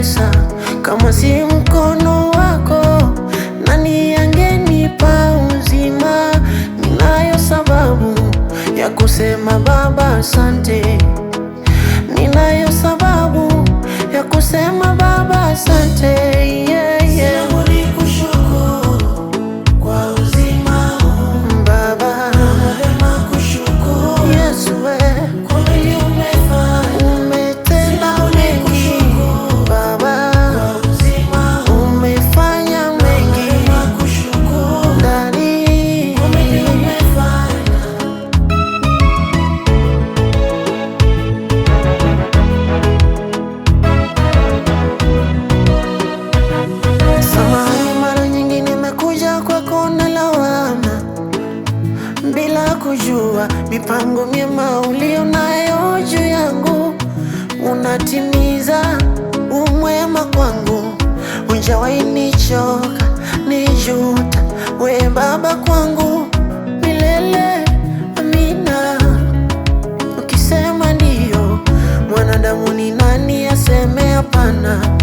pesa kama si mkono wako? Nani angenipa uzima? Ninayo sababu ya kusema Baba asante. kujua mipango miema ulio nayo juu yangu unatimiza, umwema kwangu unjawahi nichoka nijuta, we Baba kwangu milele. Amina. Ukisema ndiyo, mwanadamu ni nani aseme hapana?